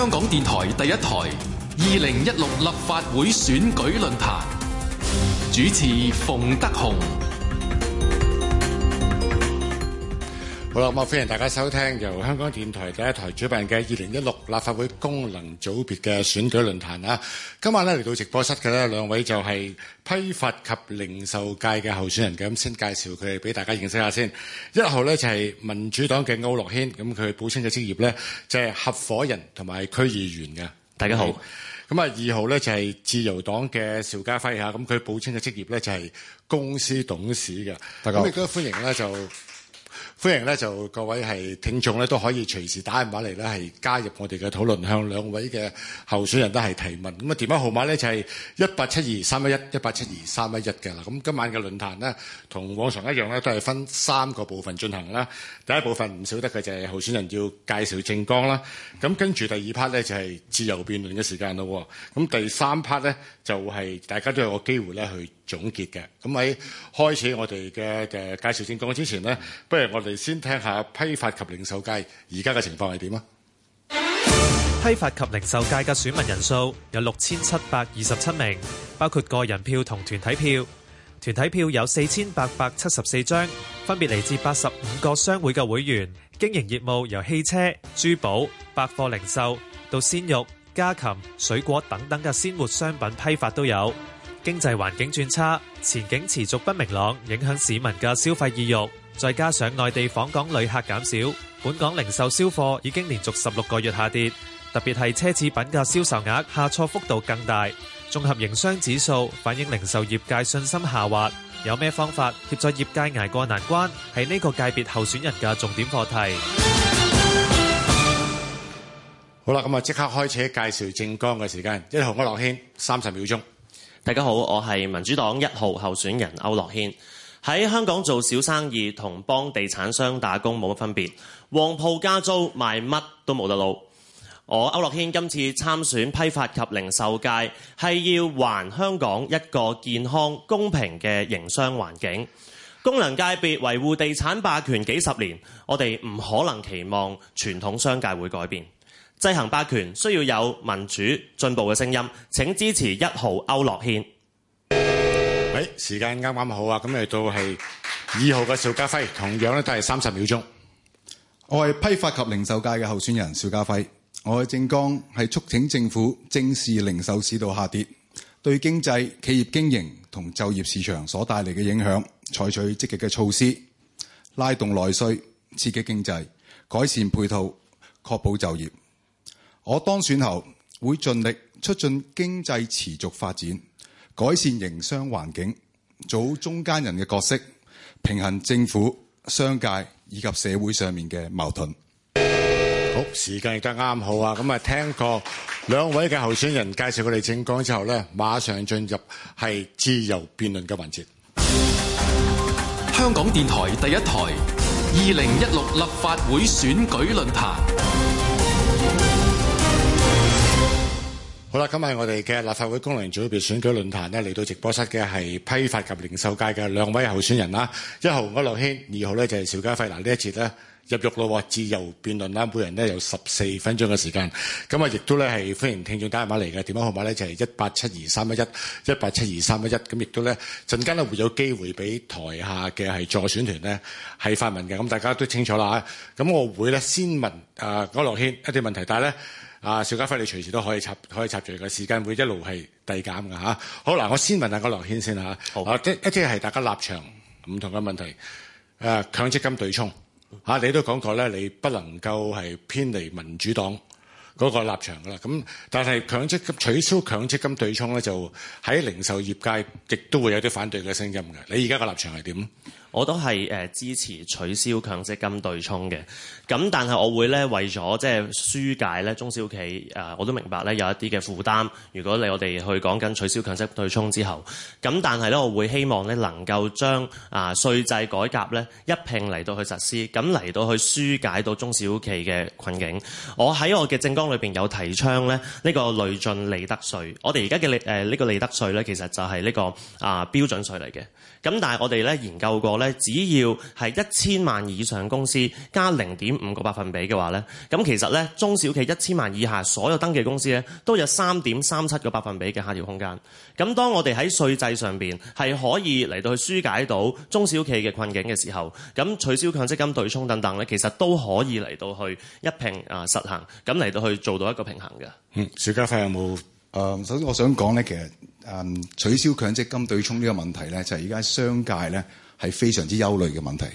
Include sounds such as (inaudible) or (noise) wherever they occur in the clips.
香港電台第一台《二零一六立法會選舉論壇》主持馮德雄。好啦，咁啊，歡迎大家收聽由香港電台第一台主辦嘅二零一六立法會功能組別嘅選舉論壇啊！今晚咧，嚟到直播室嘅兩位就係批發及零售界嘅候選人嘅，咁先介紹佢哋俾大家認識一下先。一號咧就係民主黨嘅區諾軒，咁佢補充嘅職業咧就係合夥人同埋區議員嘅。大家好。咁啊，二號咧就係自由黨嘅邵家輝吓，咁佢補充嘅職業咧就係公司董事嘅。大家好。咁，亦都歡迎咧就。歡迎咧，就各位係聽眾咧，都可以隨時打電話嚟咧，係加入我哋嘅討論，向兩位嘅候選人都係提問。咁啊，電話號碼咧就係一八七二三一一一八七二三一一嘅啦。咁今晚嘅論壇咧，同往常一樣咧，都係分三個部分進行啦。第一部分唔少得嘅就係候選人要介紹政綱啦。咁跟住第二 part 咧就係、是、自由辯論嘅時間咯。咁第三 part 咧就係、是、大家都有個機會咧去。總結嘅，咁喺開始我哋嘅介紹先講之前呢，不如我哋先聽一下批發及零售界而家嘅情況係點啊？批發及零售界嘅選民人數有六千七百二十七名，包括個人票同團體票。團體票有四千八百七十四張，分別嚟自八十五個商會嘅會員。經營業務由汽車、珠寶、百貨零售到鮮肉、家禽、水果等等嘅鮮活商品批發都有。經濟環境轉差，前景持續不明朗，影響市民嘅消費意欲。再加上內地訪港旅客減少，本港零售銷貨已經連續十六個月下跌。特別係奢侈品嘅銷售額下挫幅度更大。綜合營商指數反映零售業界信心下滑。有咩方法協助業界挨過難關？係呢個界別候選人嘅重點課題。好啦，咁啊，即刻開始介紹政綱嘅時間，一號，區諾軒三十秒鐘。大家好，我係民主黨一號候選人區諾軒。喺香港做小生意同幫地產商打工冇乜分別，旺鋪加租賣乜都冇得撈。我區諾軒今次參選批發及零售界，係要還香港一個健康公平嘅營商環境。功能界別維護地產霸權幾十年，我哋唔可能期望傳統商界會改變。制衡霸權需要有民主進步嘅聲音，請支持一號區諾軒。誒，時間啱啱好啊，咁嚟到係二號嘅邵家輝，同樣咧都係三十秒鐘。我係批發及零售界嘅候選人邵家輝，我嘅政綱係促請政府正視零售市道下跌對經濟、企業經營同就業市場所帶嚟嘅影響，採取積極嘅措施，拉動內需，刺激經濟，改善配套，確保就業。我當選後會盡力促進經濟持續發展，改善營商環境，做中間人嘅角色，平衡政府、商界以及社會上面嘅矛盾。好，時間亦都啱好啊！咁啊，聽過兩位嘅候選人介紹佢哋政綱之後咧，馬上進入係自由辯論嘅環節。香港電台第一台二零一六立法會選舉論壇。好啦，今日我哋嘅立法會功能組別選舉論壇咧，嚟到直播室嘅係批發及零售界嘅兩位候選人啦。一號區諾軒，二號咧就係邵家輝。嗱，呢一次咧入獄咯喎，自由辯論啦，每人咧有十四分鐘嘅時間。咁啊，亦都咧係歡迎聽眾打電話嚟嘅，電話號碼咧就係一八七二三一一一八七二三一一。咁亦都咧陣間咧會有機會俾台下嘅係助選團咧係發問嘅。咁大家都清楚啦。咁我會咧先問啊，呃、區諾軒一啲問題，但係咧。啊，邵家輝，你隨時都可以插，可以插。住個時間會一路係遞減嘅。啊、好啦，我先問，問一下個諾軒先一啲係大家立場唔同嘅問題。誒、啊，強積金對沖，啊、你都講過咧，你不能夠係偏離民主黨嗰個立場啦。咁但係強積金取消強積金對沖咧，就喺零售業界亦都會有啲反對嘅聲音嘅。你而家嘅立場係點？我都係、呃、支持取消強積金對沖嘅，咁但係我會咧為咗即係紓解咧中小企、呃、我都明白咧有一啲嘅負擔。如果你我哋去講緊取消強積金對沖之後，咁但係咧我會希望咧能夠將啊稅制改革咧一並嚟到去實施，咁嚟到去紓解到中小企嘅困境。我喺我嘅政綱裏面有提倡咧呢、這個累進利得稅。我哋而家嘅利呢、呃這個利得稅咧，其實就係呢、這個啊、呃、標準稅嚟嘅。咁但係我哋咧研究過呢。只要係一千萬以上公司加零點五個百分比嘅話呢，咁其實呢，中小企一千萬以下所有登記公司呢，都有三點三七個百分比嘅下調空間。咁當我哋喺稅制上邊係可以嚟到去紓解到中小企嘅困境嘅時候，咁取消強積金對沖等等呢，其實都可以嚟到去一平啊實行，咁嚟到去做到一個平衡嘅。嗯，邵家輝，你有冇誒？首、呃、先我想講呢，其實誒、呃、取消強積金對沖呢個問題呢，就係而家商界呢。.係非常之憂慮嘅問題，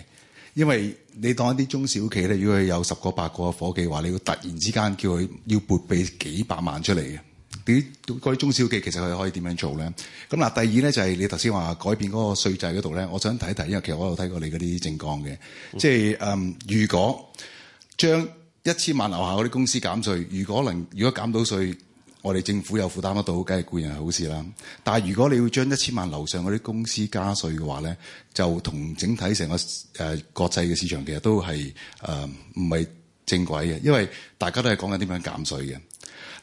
因為你當一啲中小企咧，如果係有十個八個嘅伙計嘅話，你要突然之間叫佢要撥俾幾百萬出嚟嘅，啲嗰啲中小企其實佢可以點樣做咧？咁嗱，第二咧就係、是、你頭先話改變嗰個稅制嗰度咧，我想睇一睇，因為其實我有睇過你嗰啲政綱嘅，嗯、即係、嗯、如果將一千萬樓下嗰啲公司減稅，如果能如果減到稅。我哋政府有負擔得到，梗係固然係好事啦。但係如果你要將一千萬樓上嗰啲公司加稅嘅話咧，就同整體成個誒、呃、國際嘅市場其實都係誒唔係正軌嘅，因為大家都係講緊點樣減稅嘅。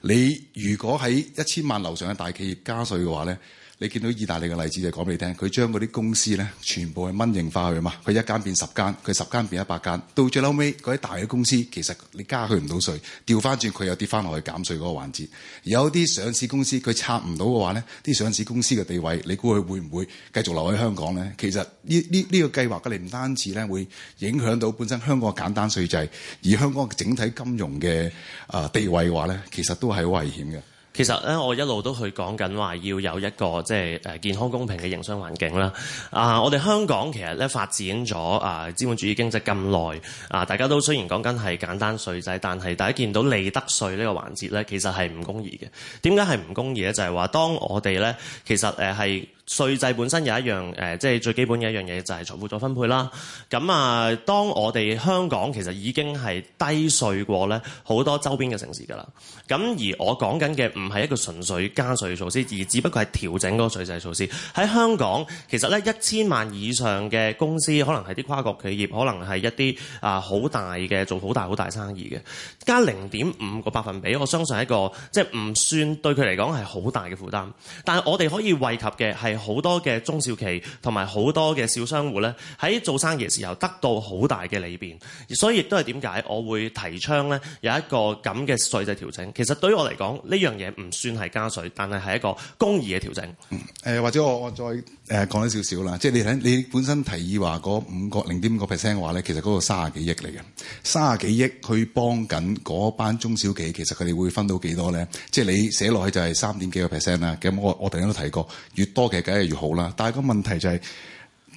你如果喺一千萬樓上嘅大企業加稅嘅話咧，你見到意大利嘅例子就講俾你聽，佢將嗰啲公司咧全部係蚊型化去嘛，佢一間變十間，佢十間變一百間，到最後尾嗰啲大嘅公司，其實你加佢唔到稅，調翻轉佢又跌翻落去減稅嗰個環節。而有啲上市公司佢拆唔到嘅話咧，啲上市公司嘅地位，你估佢會唔會繼續留喺香港咧？其實呢呢呢個計劃嘅，你唔單止咧會影響到本身香港嘅簡單稅制，而香港嘅整體金融嘅啊地位嘅話咧，其實都係好危險嘅。其實咧，我一路都去講緊話要有一個即係健康公平嘅營商環境啦。啊，我哋香港其實咧發展咗啊資本主義經濟咁耐，啊大家都雖然講緊係簡單稅制，但係大家見到利得稅呢個環節咧，其實係唔公義嘅。點解係唔公義咧？就係話當我哋咧，其實係。稅制本身有一樣誒，即、呃、係最基本嘅一樣嘢，就係財富再分配啦。咁啊，當我哋香港其實已經係低稅過咧好多周邊嘅城市㗎啦。咁而我講緊嘅唔係一個純粹加稅措施，而只不過係調整嗰個稅制措施。喺香港，其實咧一千萬以上嘅公司，可能係啲跨國企業，可能係一啲啊好大嘅做好大好大生意嘅，加零點五個百分比，我相信係一個即係唔算對佢嚟講係好大嘅負擔。但係我哋可以惠及嘅係，好多嘅中小企同埋好多嘅小商戶咧，喺做生意嘅時候得到好大嘅利便，所以亦都係點解我會提倡咧有一個咁嘅稅制調整。其實對於我嚟講，呢樣嘢唔算係加稅，但係係一個公義嘅調整。嗯、呃，或者我我再講、呃、一啲少少啦，即係你睇你本身提議話嗰五個零點五個 percent 嘅話咧，其實嗰個卅幾億嚟嘅，卅幾億，去幫緊嗰班中小企，其實佢哋會分到幾多咧？即係你寫落去就係三點幾個 percent 啦。咁我我頭先都提過越多嘅梗係越好啦，但係個問題就係、是，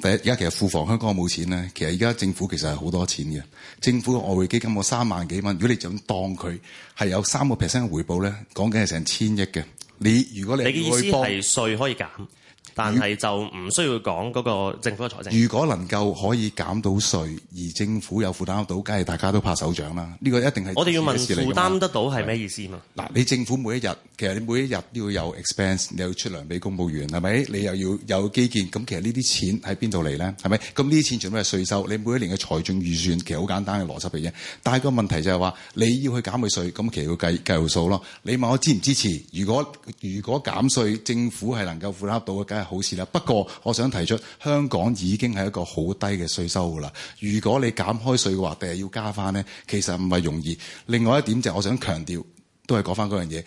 第而家其實庫房香港冇錢咧。其實而家政府其實係好多錢嘅，政府嘅外匯基金我三萬幾蚊，如果你就咁當佢係有三個 percent 嘅回報咧，講緊係成千億嘅。你如果你你嘅意思係稅可以減？但係就唔需要講嗰個政府嘅財政。如果能夠可以減到稅，而政府有負擔到，梗係大家都拍手掌啦。呢個一定係我哋要問負擔得到係咩意思嘛？嗱，你政府每一日，其實你每一日都要有 expense，你要出糧俾公務員係咪？你又要有基建，咁其實呢啲錢喺邊度嚟咧？係咪？咁呢啲錢全部係稅收，你每一年嘅財政預算其實好簡單嘅邏輯嚟啫。但係個問題就係話，你要去減佢稅，咁其實要計計數數咯。你問我支唔支持？如果如果減稅，政府係能夠負擔到嘅，好事啦，不過我想提出香港已經係一個好低嘅稅收噶啦。如果你減開稅嘅話，第二要加翻咧，其實唔係容易。另外一點就係、是、我想強調，都係講翻嗰樣嘢，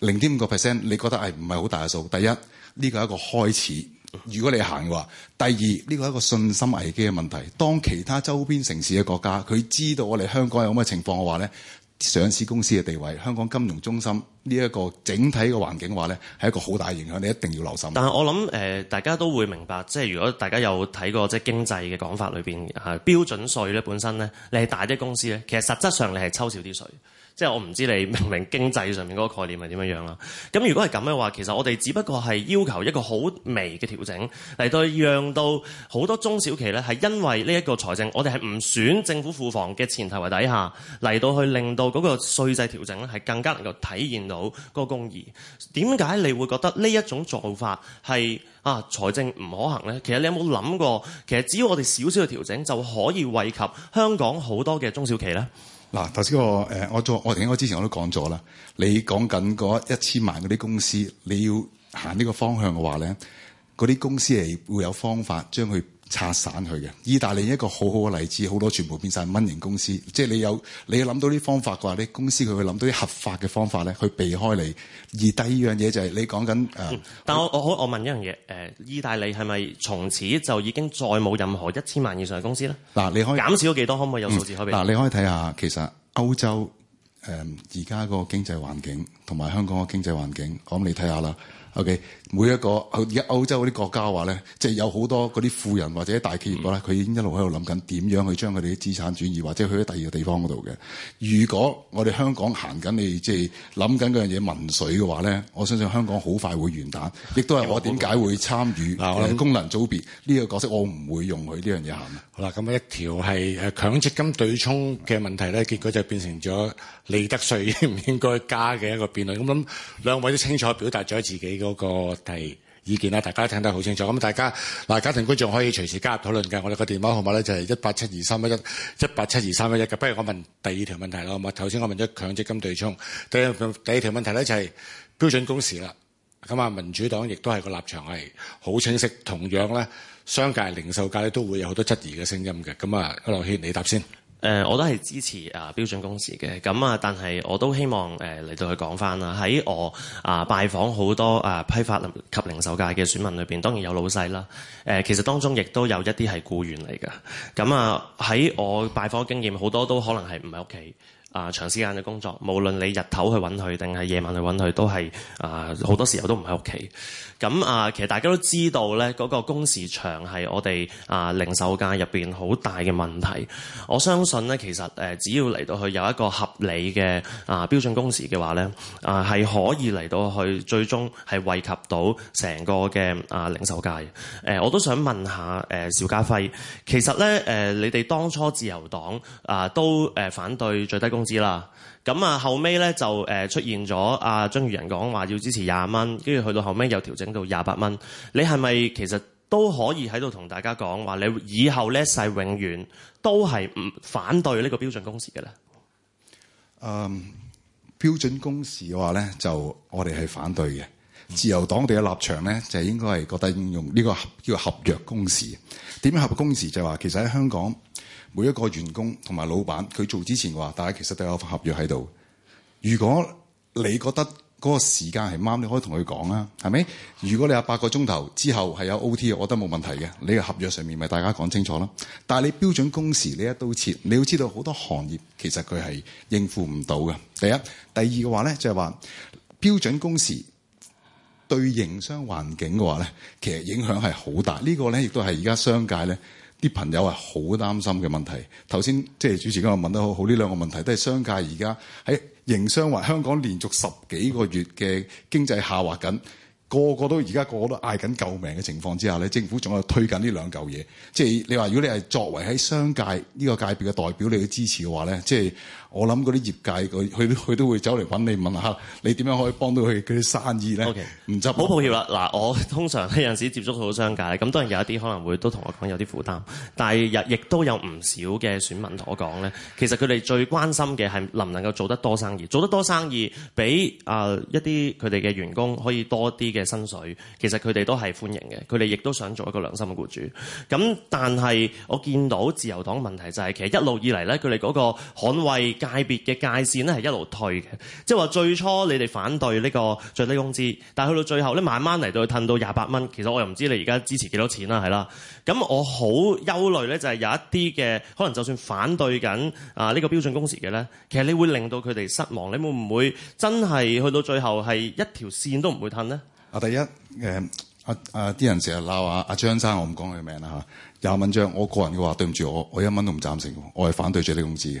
零點五個 percent，你覺得係唔係好大嘅數？第一呢個係一個開始，如果你行嘅話；第二呢個係一個信心危機嘅問題。當其他周邊城市嘅國家佢知道我哋香港有咁嘅情況嘅話咧。上市公司嘅地位，香港金融中心呢一個整體嘅環境嘅話咧，係一個好大嘅影響，你一定要留心。但係我諗誒、呃，大家都會明白，即係如果大家有睇過，即係經濟嘅講法裏邊、啊，標準稅咧本身咧，你係大啲公司咧，其實實質上你係抽少啲稅。即係我唔知你明唔明經濟上面嗰個概念係點樣樣啦。咁如果係咁嘅話，其實我哋只不過係要求一個好微嘅調整，嚟到讓到好多中小企呢，係因為呢一個財政，我哋係唔選政府庫房嘅前提為底下，嚟到去令到嗰個稅制調整係更加能夠體現到嗰個公義。點解你會覺得呢一種做法係，啊，財政唔可行呢？其實你有冇諗過？其實只要我哋少少嘅調整就可以惠及香港好多嘅中小企呢？嗱，頭先我誒，我做我哋應該之前我都講咗啦。你講緊嗰一千萬嗰啲公司，你要行呢個方向嘅話咧，嗰啲公司係會有方法將佢，拆散佢嘅，意大利一個好好嘅例子，好多全部變晒蚊型公司。即係你有，你有諗到啲方法嘅話，你公司佢會諗到啲合法嘅方法咧，去避開你。而第二樣嘢就係你講緊誒，但我它我我問一樣嘢誒，意大利係咪從此就已經再冇任何一千萬以上嘅公司咧？嗱、啊，你可以減少咗幾多？可唔可以有數字可以？嗱、嗯啊，你可以睇下其實歐洲誒而家個經濟環境同埋香港嘅經濟環境，我諗你睇下啦。O.K. 每一個，而家歐洲啲國家話咧，即係有好多嗰啲富人或者大企業咧，佢、嗯、已經一路喺度諗緊點樣去將佢哋啲資產轉移，或者去喺第二個地方嗰度嘅。如果我哋香港行緊你即係諗緊嗰樣嘢民粹嘅話咧，我相信香港好快會完蛋。亦都係我點解會參與我哋功能組別呢個角色我，我唔會用佢呢樣嘢行啊。好啦，咁一條係誒強積金對沖嘅問題咧，結果就變成咗利得稅應唔應該加嘅一個辯論。咁兩位都清楚表達咗自己，嗰個提意見啦，大家聽得好清楚。咁大家嗱，家庭觀眾可以隨時加入討論嘅。我哋個電話號碼咧就係一八七二三一一一八七二三一一嘅。不如我問第二條問題咯，我頭先我問咗強積金對沖，第二條問題咧就係標準工時啦。咁啊，民主黨亦都係個立場係好清晰，同樣咧，商界、零售界咧都會有好多質疑嘅聲音嘅。咁啊，區諾軒，你答先。呃、我都係支持、啊、標準公司嘅，咁、呃、啊，但係我都希望嚟到去講翻啦。喺我啊拜訪好多、啊、批發及零售界嘅選民裏面，當然有老細啦、啊。其實當中亦都有一啲係顧員嚟嘅。咁啊，喺我拜訪經驗，好多都可能係唔喺屋企。啊，長時間嘅工作，無論你日頭去揾佢定係夜晚去揾佢，都係啊好多時候都唔喺屋企。咁啊，其實大家都知道咧，嗰個工時長係我哋啊零售界入邊好大嘅問題，我相信咧，其實誒、啊、只要嚟到去有一個合理嘅啊標準工時嘅話咧，啊係可以嚟到去最終係惠及到成個嘅啊零售界。誒、啊、我都想問下誒、啊、邵家輝，其實咧誒、啊、你哋當初自由黨啊都誒、啊、反對最低工知啦，咁啊後尾咧就誒出現咗阿張宇人講話要支持廿蚊，跟住去到後尾又調整到廿八蚊。你係咪其實都可以喺度同大家講話，你以後呢世永遠都係唔反對呢個標準工時嘅咧？嗯，標準工時嘅話咧，就我哋係反對嘅。自由黨嘅立場咧，就係應該係覺得應用呢個叫合約工時。點合約工時就話，其實喺香港。每一個員工同埋老闆，佢做之前嘅話，大家其實都有份合約喺度。如果你覺得嗰個時間係啱，你可以同佢講啊，係咪？如果你有八個鐘頭之後係有 OT，我覺得冇問題嘅。你個合約上面咪大家講清楚咯。但係你標準工時呢一刀切，你要知道好多行業其實佢係應付唔到嘅。第一、第二嘅話咧，就係話標準工時對營商環境嘅話咧，其實影響係好大。呢個咧，亦都係而家商界咧。啲朋友係好擔心嘅問題。頭先即係主持今日問得好好呢兩個問題，都係商界而家喺營商話香港連續十幾個月嘅經濟下滑緊，個個都而家個個都嗌緊救命嘅情況之下咧，政府仲喺度推緊呢兩嚿嘢。即係你話如果你係作為喺商界呢個界別嘅代表，你要支持嘅話咧，即係。我諗嗰啲業界佢佢都會走嚟揾你問下，你點樣可以幫到佢佢啲生意呢？唔好 Okay, 抱歉啦。嗱，我通常呢陣時接觸到商界，咁當然有一啲可能會都同我講有啲負擔，但係日亦都有唔少嘅選民同我講呢。其實佢哋最關心嘅係能唔能夠做得多生意，做得多生意俾啊一啲佢哋嘅員工可以多啲嘅薪水。其實佢哋都係歡迎嘅，佢哋亦都想做一個良心嘅僱主。咁但係我見到自由黨問題就係、是、其實一路以嚟呢，佢哋嗰個捍衞。界別嘅界線咧係一路退嘅，即係話最初你哋反對呢個最低工資，但係去到最後咧，你慢慢嚟到去褪到廿八蚊。其實我又唔知你而家支持幾多錢啦，係啦。咁我好憂慮咧，就係有一啲嘅可能，就算反對緊啊呢個標準工時嘅咧，其實你會令到佢哋失望。你會唔會真係去到最後係一條線都唔會褪呢、呃？啊，第一誒啊啊！啲人成日鬧啊啊，張生，我唔講佢名啦嚇廿蚊張。我個人嘅話，對唔住我，我一蚊都唔贊成，我係反對最低工資嘅。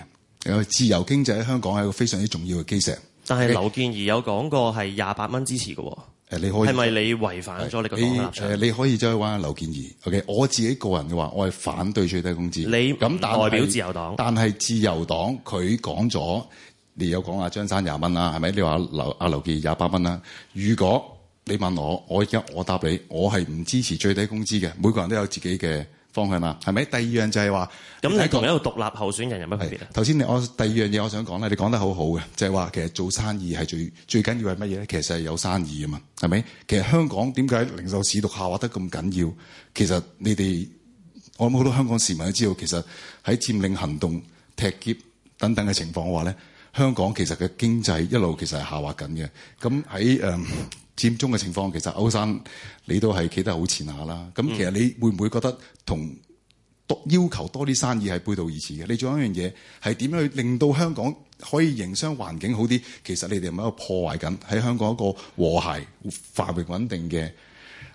自由經濟喺香港係一個非常之重要嘅基石。但係劉健儀有講過係廿八蚊支持嘅喎。誒，你可以係咪你違反咗你嘅黨嘅，你可以再揾下劉健儀。O.K. 我自己個人嘅話，我係反對最低工資。你咁代表自由黨？但係自由黨佢講咗，你有講啊張生廿蚊啦，係咪？你話劉阿劉健儀廿八蚊啦？如果你問我，我而家我答你，我係唔支持最低工資嘅。每個人都有自己嘅方向嘛，係咪？第二樣就係話，咁你同一個獨立候選人有乜分別？頭先我第二樣嘢我想講咧，你講得好好嘅，就係話其實做生意係最最緊要係乜嘢咧？其實係有生意啊嘛，係咪？其實香港點解零售市道下滑得咁緊要？其實你哋我諗好多香港市民都知道，其實喺佔領行動、踢劫等等嘅情況嘅話咧，香港其實嘅經濟一路其實係下滑緊嘅。咁喺誒。Um, 佔中嘅情況，其實區生你都係企得好前下啦。咁其實你會唔會覺得同多要求多啲生意係背道而馳嘅？你做一樣嘢係點樣去令到香港可以營商環境好啲？其實你哋係咪喺度破壞緊喺香港一個和諧、繁榮、穩定嘅？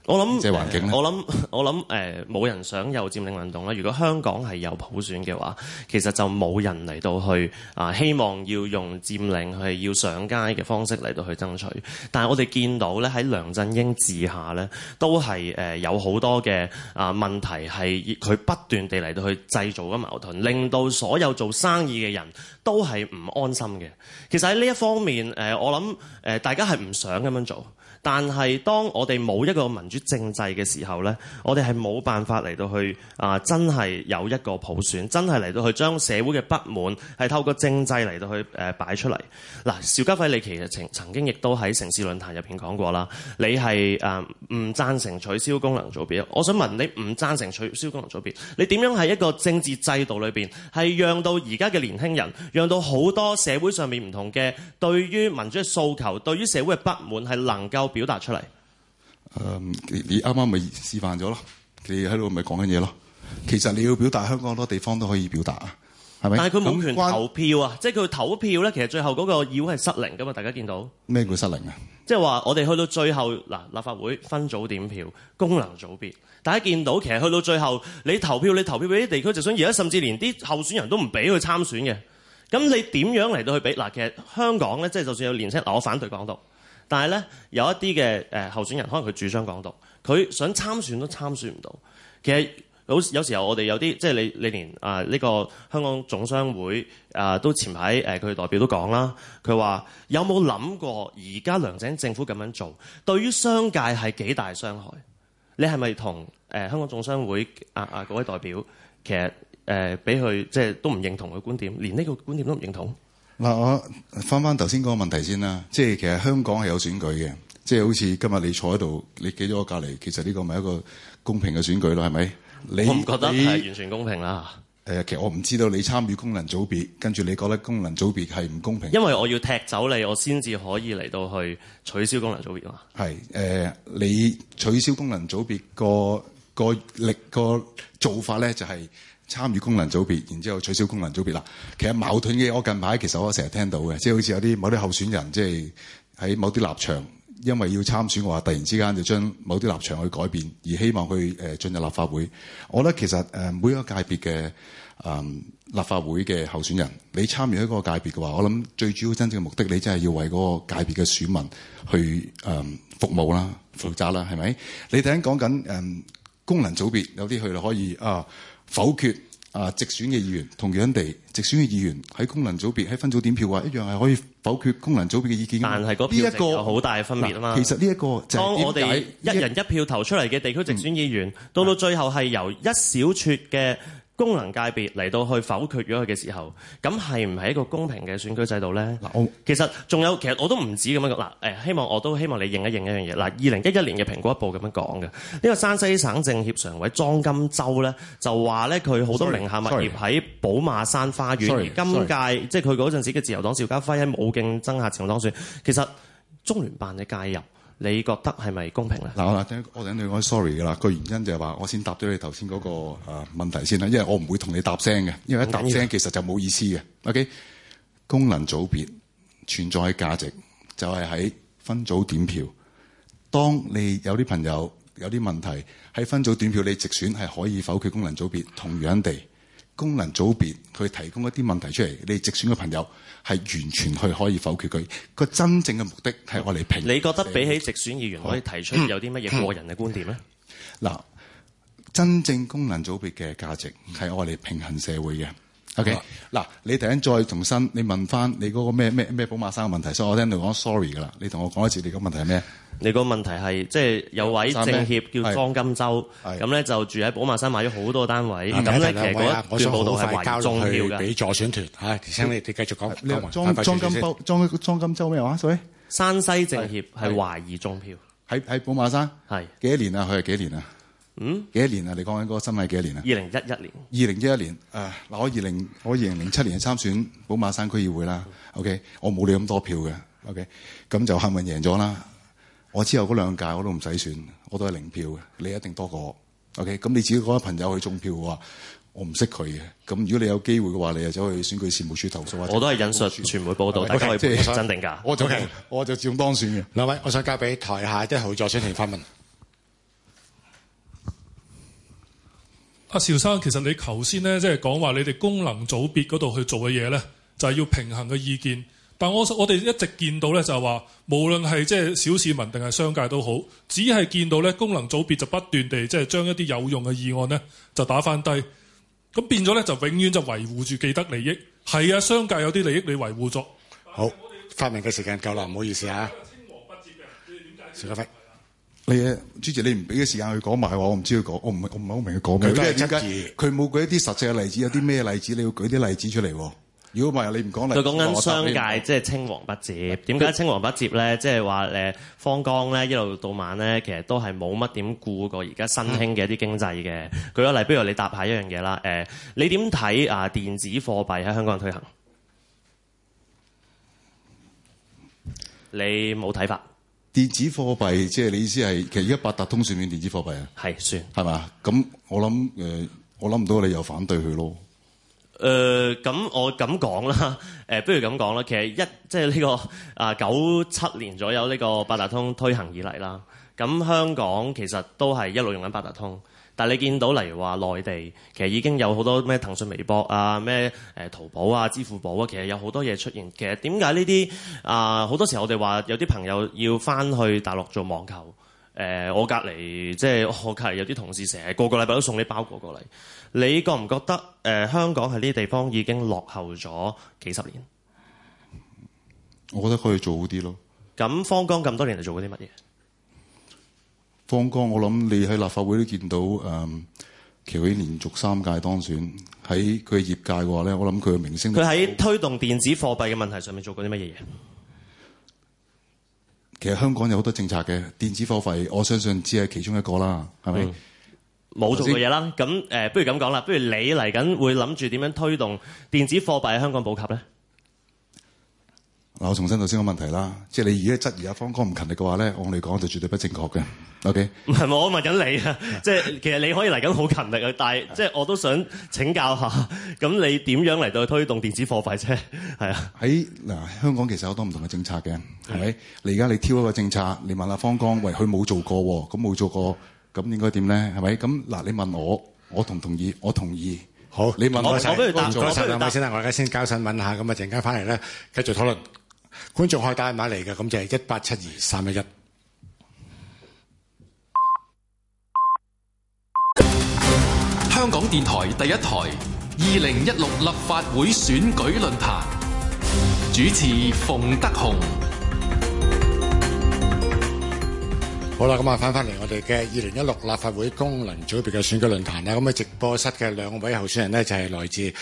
我諗，我諗，我、呃、諗，誒，冇人想有佔領運動啦。如果香港係有普選嘅話，其實就冇人嚟到去啊、呃，希望要用佔領去要上街嘅方式嚟到去爭取。但係我哋見到咧，喺梁振英治下咧，都係、呃、有好多嘅啊、呃、問題係佢不斷地嚟到去製造嘅矛盾，令到所有做生意嘅人都係唔安心嘅。其實喺呢一方面，誒、呃、我諗誒、呃、大家係唔想咁樣做。但係當我哋冇一個民主政制嘅時候咧，我哋係冇辦法嚟到去啊、呃！真係有一個普選真係嚟到去將社會嘅不滿係透過政制嚟到去誒、呃、擺出嚟。嗱，邵家輝你其實曾曾經亦都喺城市論壇入邊講過啦，你係誒唔贊成取消功能組別，我想問你唔贊成取消功能組別，你點樣喺一個政治制度裏邊係讓到而家嘅年輕人，讓到好多社會上面唔同嘅對於民主嘅訴求，對於社會嘅不滿係能夠。表達出嚟，誒、嗯，你啱啱咪示範咗咯？你喺度咪講緊嘢咯？其實你要表達，香港好多地方都可以表達啊，係咪？但係佢冇權跟投票啊！即係佢投票咧，其實最後嗰個票係失靈噶嘛，大家見到咩叫失靈啊？即係話我哋去到最後嗱，立法會分組點票，功能組別，大家見到其實去到最後你投票，你投票俾啲地區，就想而家甚至連啲候選人都唔俾佢參選嘅，咁你點樣嚟到去俾嗱？其實香港咧，即係就算有年青，我反對講到。但係咧，有一啲嘅誒候選人，可能佢主張港獨，佢想參選都參選唔到。其實有有時候我哋有啲即係你你連啊呢、呃呢個香港總商會啊、呃、都前排誒佢代表都講啦，佢話有冇諗過而家梁振英政府咁樣做，對於商界係幾大傷害？你係咪同誒香港總商會啊啊嗰位代表其實誒俾佢即係都唔認同佢觀點，連呢個觀點都唔認同？嗱，我翻翻頭先嗰個問題先啦，即係其實香港係有選舉嘅，即係好似今日你坐喺度，你企咗我隔離，其實呢個咪一個公平嘅選舉咯，係咪？你我唔覺得係你完全公平啦。誒，其實我唔知道你參與功能組別，跟住你覺得功能組別係唔公平。因為我要踢走你，我先至可以嚟到去取消功能組別嘛。係誒、呃，你取消功能組別個、嗰個力、嗰個做法咧、就係，就係。參與功能組別，然之後取消功能組別啦。其實矛盾嘅，我近排其實我成日聽到嘅，即係好似有啲某啲候選人，即係喺某啲立場，因為要參選嘅話，突然之間就將某啲立場去改變，而希望去誒進入立法會。我覺得其實誒每一個界別嘅誒立法會嘅候選人，你參與喺嗰個界別嘅話，我諗最主要真正嘅目的，你真係要為嗰個界別嘅選民去誒服務啦、負責啦，係咪？你頭先講緊功能組別，有啲佢可以啊。呃否決啊！直選嘅議員同樣地，直選嘅議員喺功能組別喺分組點票啊，一樣係可以否決功能組別嘅意見。但係嗰邊就有好大嘅分別啊嘛、呢個。其實呢一個，當我哋一人一票投出嚟嘅地區直選議員，到、嗯、到最後係由一小撮嘅。功能界別嚟到去否決咗佢嘅時候，咁係唔係一個公平嘅選舉制度呢？嗱我，其實仲有，其實我都唔止咁樣講嗱。誒，希望我都希望你認一認一樣嘢嗱。二零一一年嘅蘋果一報咁樣講嘅，呢、呢個山西省政協常委莊金洲呢，就話呢，佢好多名下物業喺寶馬山花園，sorry, 而今屆即係佢嗰陣時嘅自由黨邵家輝喺冇競爭下前度當選，其實中聯辦嘅介入。你覺得係咪公平咧？嗱，我諗我諗你講 sorry 嘅啦。個原因就係、是、話，我先答咗你頭先嗰個誒、呃、問題先啦。因為我唔會同你答聲嘅，因為一答聲其實就冇意思嘅。O Okay. K，okay? 功能組別存在嘅價值就係、是、喺分組點票。當你有啲朋友有啲問題喺分組點票，你直選係可以否決功能組別，同樣地。功能組別去提供一啲問題出嚟，你直選嘅朋友係完全去可以否決佢。個真正嘅目的係我嚟平。你覺得比起直選議員，可以提出有啲乜嘢個人嘅觀點咧？嗱，真正功能組別嘅價值係我嚟平衡社會嘅。OK 嗱、啊，你突然再重新，你問返你嗰個咩咩咩寶馬山嘅問題，所以我聽到你講 sorry 噶啦，你同我講一次你個問題係咩？你個問題係即係有位政協叫莊金洲，咁呢就住喺寶馬山買咗好多單位，咁呢，等等其實嗰一票報道係懷疑種票嘅，俾助選團。係，請你你繼續講。莊莊金包莊莊金洲咩話？sorry，山西政協係懷疑種票，喺喺寶馬山，係幾年呀？佢係幾年呀？嗯？幾多年啊？你講緊嗰個生涯幾多年啊？二零一一年。二零一一年。誒，嗱，我二零，我二零零七年係參選寶馬山區議會啦。OK，我冇你咁多票嘅。OK，咁就幸運贏咗啦。我之後嗰兩屆我都唔使選，我都係零票嘅。你一定多過我。OK，咁你自己嗰位朋友去種票嘅話，我唔識佢嘅。咁如果你有機會嘅話，你就走去選舉事務處投訴。我都係引述傳媒報道，okay? 大家即係 Okay? 真定假、就是 Okay?。我就我就自動當選嘅。兩位，我想交俾台下啲後座先嚟發問。阿邵、啊、生，其實你頭先咧，即係講話你哋功能組別嗰度去做嘅嘢呢，就係、是、要平衡嘅意見。但我我哋一直見到呢，就係話，無論係即係小市民定係商界都好，只係見到呢功能組別就不斷地即係、就是、將一啲有用嘅議案呢，就打翻低，咁變咗呢，就永遠就維護住既得利益。係啊，商界有啲利益你維護咗。好，發問嘅時間夠啦，唔好意思啊。主持，你唔俾嘅時間去講埋話，我唔知佢講，我唔我唔係好明佢講咩。佢冇疑舉一啲實際嘅例子，有啲咩例子你要舉啲例子出嚟？如果唔係，你唔講。佢講緊商界，即係青黃不接。點解青黃不接咧？即係話方剛咧一路到晚咧，其實都係冇乜點顧過而家新興嘅一啲經濟嘅。 (laughs) 舉個例，不如你答下一樣嘢啦、呃，你點睇啊？電子貨幣喺香港推行，你冇睇法。電子貨幣即係、就是、你意思係，其實而家八達通算唔算電子貨幣啊？係算係嘛？咁我諗誒，我諗唔、呃、到你又反對佢咯。誒、呃，咁我咁講啦，誒、呃，不如咁講啦。其實一即係呢個啊九七年左右呢個八達通推行以嚟啦，咁香港其實都係一路用緊八達通。但係你見到例如話內地，其實已經有好多咩騰訊微博啊、咩誒淘寶啊、支付寶啊，其實有好多嘢出現。其實點解呢啲啊好多時候我哋話有啲朋友要翻去大陸做網購誒、呃，我隔離即係、就是、我隔離有啲同事成日個個禮拜都送啲包裹過嚟。你覺唔覺得誒、呃、香港喺呢啲地方已經落後咗幾十年？我覺得可以做好啲咯。咁方剛咁多年嚟做過啲乜嘢？方剛，我諗你喺立法會都見到，誒、嗯，喬許連續三屆當選喺佢嘅業界嘅話咧，我諗佢嘅明星。佢喺推動電子貨幣嘅問題上面做過啲乜嘢嘢？其實香港有好多政策嘅電子貨幣，我相信只係其中一個啦，係咪？冇、嗯、做過嘢啦。咁誒才、呃，不如咁講啦，不如你嚟緊會諗住點樣推動電子貨幣喺香港普及咧？我重新頭先個問題啦，即係你而家質疑阿方剛唔勤力嘅話咧，我哋講就絕對不正確嘅。O K，唔係我問緊你啊，即係其實你可以嚟緊好勤力啊，但係即係我都想請教下，咁你點樣嚟到去推動電子貨幣啫？係啊，喺嗱香港其實有好多唔同嘅政策嘅，係咪？你而家你挑一個政策，你問阿方剛，喂，佢冇做過，咁冇做過，咁應該點咧？係咪？咁嗱，你問我，我同唔同意，我同意。好，你問我先，我不如答咗先啦，我而家先交身問下，咁啊陣間翻嚟咧繼續討論。觀眾可以打電話嚟嘅，咁就係一八七二三一一。香港電台第一台，二零一六立法會選舉論壇，主持馮德雄。好啦，咁啊，翻返嚟我哋嘅二零一六立法會功能組別嘅選舉論壇啦。咁啊，直播室嘅兩位候選人咧就係、是、來自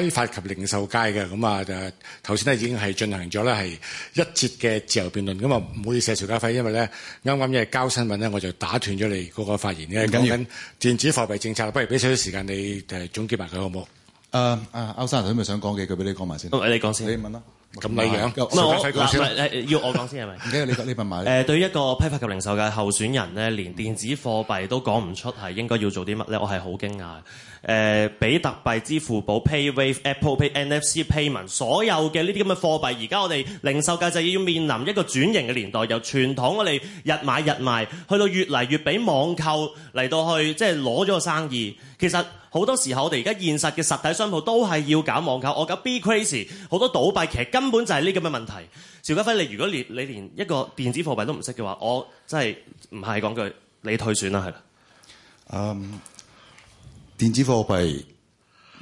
批發及零售界嘅。咁啊，就頭先咧已經係進行咗咧係一節嘅自由辯論。咁啊，唔好意思啊，邵家輝，因為咧啱啱要交新聞咧，我就打斷咗你嗰個發言。因為講緊電子貨幣政策，不如俾少少時間你誒總結埋佢好唔好？誒誒，歐、uh, 生佢咪想講幾句俾你講埋先。你講先。你問啦。咁嚟咁唔係我，唔係要我講先係咪？唔緊要。 (laughs) 嗎，你你份埋。誒，對於一個批發及零售嘅候選人咧，連電子貨幣都講唔出係應該要做啲乜咧，我係好驚訝。誒，比特幣、支付寶、PayWave、Apple Pay、NFC payment，所有嘅呢啲咁嘅貨幣，而家我哋零售界就要要面臨一個轉型嘅年代，由傳統我哋日買日賣，去到越嚟越俾網購嚟到去，即係攞咗個生意。其實好多時候，我哋而家現實嘅實體商鋪都係要搞網購。我搞 Be Crazy，好多倒閉，其實根本就係呢咁嘅問題。邵家輝，你如果連你連一個電子貨幣都唔識嘅話，我真係唔係講句你退選啦，係啦。嗯、um。電子貨幣，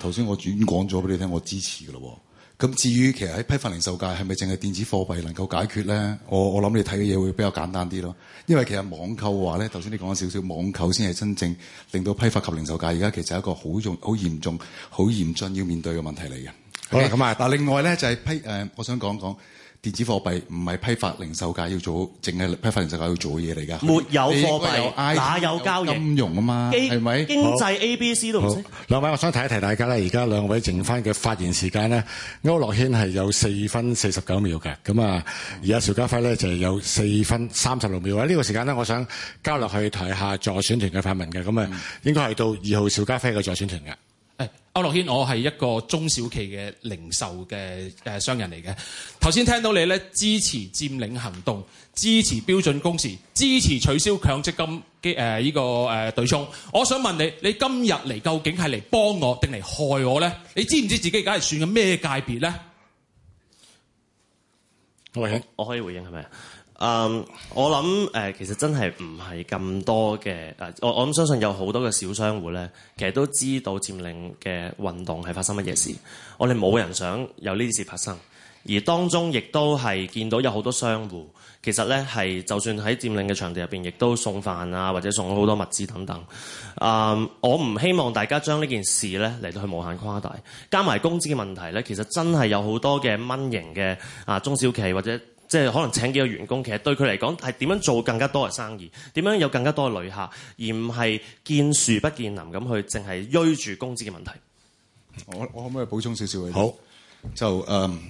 頭先我轉講咗俾你聽，我支持嘅咯。咁至於其實喺批發零售界係咪淨係電子貨幣能夠解決咧？我我諗你睇嘅嘢會比較簡單啲咯。因為其實網購嘅話咧，頭先你講咗少少，網購先係真正令到批發及零售界而家其實係一個好重、好嚴重、好嚴峻要面對嘅問題嚟嘅。好啦吧，咁啊，但另外咧就係批誒、呃，我想講講。電子貨幣唔係批發零售界要做，淨係批發零售界要做嘅嘢嚟㗎。沒有貨幣，有 Phone, 哪有交易？金融啊嘛，係咪 A, 經濟 A、B 好、C 都唔識。兩位，我想提一提大家咧。而家兩位剩翻嘅發言時間咧，區諾軒係有四分四十九秒嘅，咁啊，而家邵家輝咧就係有四分三十六秒。呢、這個時間咧，我想交落去睇下助選團嘅發問嘅，咁啊，應該係到二號邵家輝嘅助選團嘅。區諾軒，我係一個中小企嘅零售嘅誒商人嚟嘅。頭先聽到你咧，支持佔領行動，支持標準工時，支持取消強積金嘅誒呢個誒、呃、對沖。我想問你，你今日嚟究竟係嚟幫我定嚟害我咧？你知唔知道自己而家係算緊咩界別咧？回應，我可以回應係咪？是不是？Um, 我諗，呃、其實真係唔係咁多嘅我我諗相信有好多嘅小商戶咧，其實都知道佔領嘅運動係發生乜嘢事。我哋冇人想有呢啲事發生，而當中亦都係見到有好多商戶其實咧係，就算喺佔領嘅場地入面，亦都送飯啊，或者送好多物資等等。Um, 我唔希望大家將呢件事咧嚟到去無限誇大，加埋工資嘅問題咧，其實真係有好多嘅蚊型嘅啊中小企或者。即係可能請幾個員工，其實對佢嚟講係點樣做更加多嘅生意，點樣有更加多嘅旅客，而唔係見樹不見林咁去，淨係顧住工資嘅問題。我，我可唔可以補充少少？好，就嗯，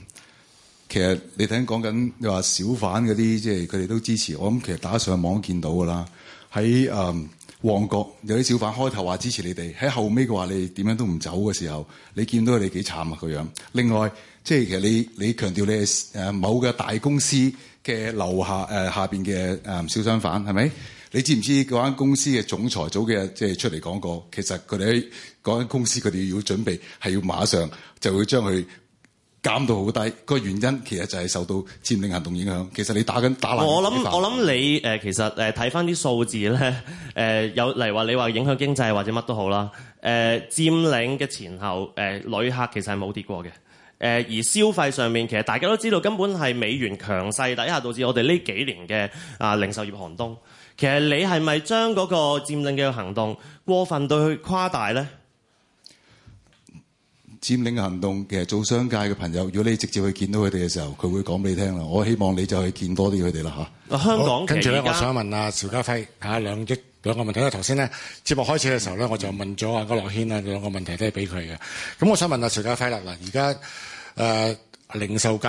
其實你頭先講緊你話小販嗰啲，即係佢哋都支持。我諗其實打上網都見到㗎啦。喺嗯旺角有啲小販開頭話支持你哋，喺後尾嘅話你點樣都唔走嘅時候，你見到佢哋幾慘個、啊、樣。另外。即係其實你你強調你誒某個大公司嘅樓下誒、呃、下邊嘅誒小商販係咪？你知唔知嗰間公司嘅總裁早幾日即係出嚟講過，其實佢哋喺嗰間公司佢哋要準備係要馬上就會將佢減到好低。個原因其實就係受到佔領行動影響。其實你打緊打、哦、我諗我諗你誒、呃、其實誒睇翻啲數字咧誒、呃、有嚟話你話影響經濟或者乜都好啦誒佔領嘅前後誒、呃、旅客其實係冇跌過嘅。誒而消費上面，其實大家都知道，根本係美元強勢底下導致我哋呢幾年嘅啊零售業寒冬。其實你係咪將嗰個佔領嘅行動過分對佢誇大咧？佔領嘅行動，其實做商界嘅朋友，如果你直接去見到佢哋嘅時候，佢會講俾你聽啦。我希望你就去見多啲佢哋啦嚇。香港，跟住我，我想問阿邵家輝嚇、啊、兩億。兩個問題啦，頭先咧節目開始嘅時候咧，嗯、我就問咗阿區諾軒啊兩個問題都係俾佢嘅。咁我想問啊邵家輝啦，嗱而家誒零售界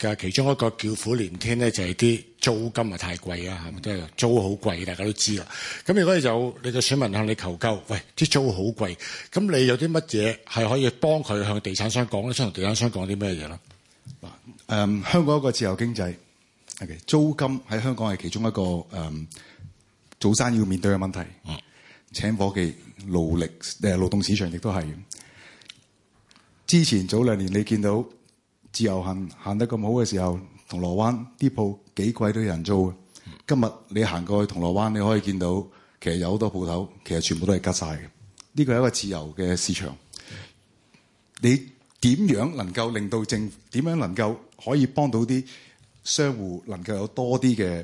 嘅其中一個叫苦連天咧，就係、是、啲租金啊太貴啊，係咪都係租好貴，大家都知啦。咁如果你就你就選民向你求救，喂啲租好貴，咁你有啲乜嘢係可以幫佢向地產商講咧？想同地產商講啲咩嘢啦，嗱香港一個自由經濟，係嘅，租金喺香港係其中一個、嗯早餐要面對嘅問題，嗯、請伙計勞力。誒、呃，勞動市場亦都係。之前早兩年你見到自由行行得咁好嘅時候，銅鑼灣啲鋪幾貴都有人租。嗯、今日你行過去銅鑼灣，你可以見到其實有好多鋪頭，其實全部都係吉晒嘅。呢個係一個自由嘅市場。嗯、你點樣能夠令到政府，點樣能夠可以幫到啲商戶能夠有多啲嘅